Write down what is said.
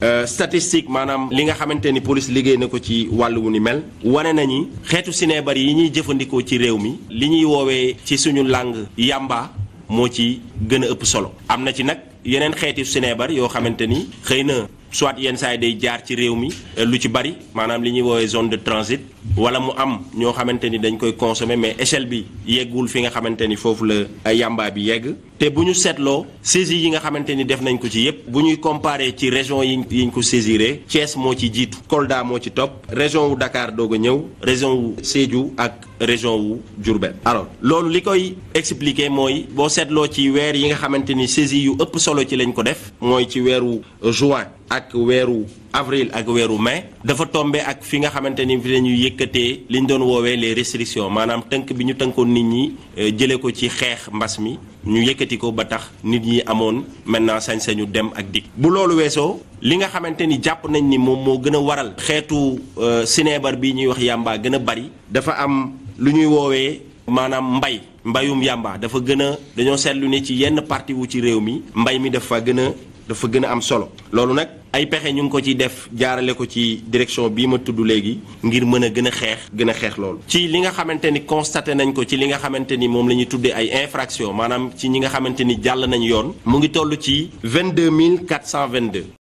Euh, statistique maanaam li nga xamante ni police liggéey na ko ci wàll wu ni mel wane nañu xeetu sineebar yi ñuy jëfandikoo ci réew mi li ñuy woowee ci suñu làng yàmba moo ci gën a ëpp solo am na ci nag yeneen xeetu sineebar yoo xamante ni xëy na soit yenn saa yi day jaar ci réew mi euh, lu ci bari maanaam li ñuy woowee zone de transit wala mu am ñoo xamante ni dañ koy consommer mais échelle bi yeggul fi nga xamante ni foofu la yàmbaa bi yegg te bu ñu seetloo saisi yi nga xamante ni def nañ ko ci yépp bu ñuy comparé ci région yi yiñ ko saisiré cees moo ci jiitu Kolda moo ci topp région wu Dakar doog a ñëw région wu Sédhiou ak région wu Diourbel alors loolu li koy expliquer mooy boo seetloo ci weer yi nga xamante ni saisi yu ëpp solo ci lañ ko def mooy ci weeru juin ak weeru avril ak weeru mai dafa tombe ak fi nga xamante ni fi la ñuy yëkkatee li ñu doon woowee les restrictions maanaam tënk bi ñu tënkoon nit ñi euh, jëlee ko ci xeex mbas mi yëkkati ko ba tax nit ñi amoon maintenant sañ-sañu dem ak dikk bu loolu weesoo li nga xamante ni jàpp nañ ni moom moo gën a waral xeetu euh, sineebar bi ñuy wax yàmbaa gën a bari dafa am lu ñuy woowee maanaam mbay mbayum yàmbaa dafa gën a dañoo seetlu ne ci yenn parti ci réew mi mbay mi dafa gën a dafa gën a am solo loolu nag ay pexe ñu ngi ko ci def jaarale ko ci direction bii ma tudd léegi ngir mën a gën a xeex gën a xeex loolu ci li nga xamante ni constaté nañ ko ci li nga xamante ni moom la ñuy tuddee ay infraction maanaam ci ñi nga xamante ni jàll nañu yoon mu ngi toll ci 22 422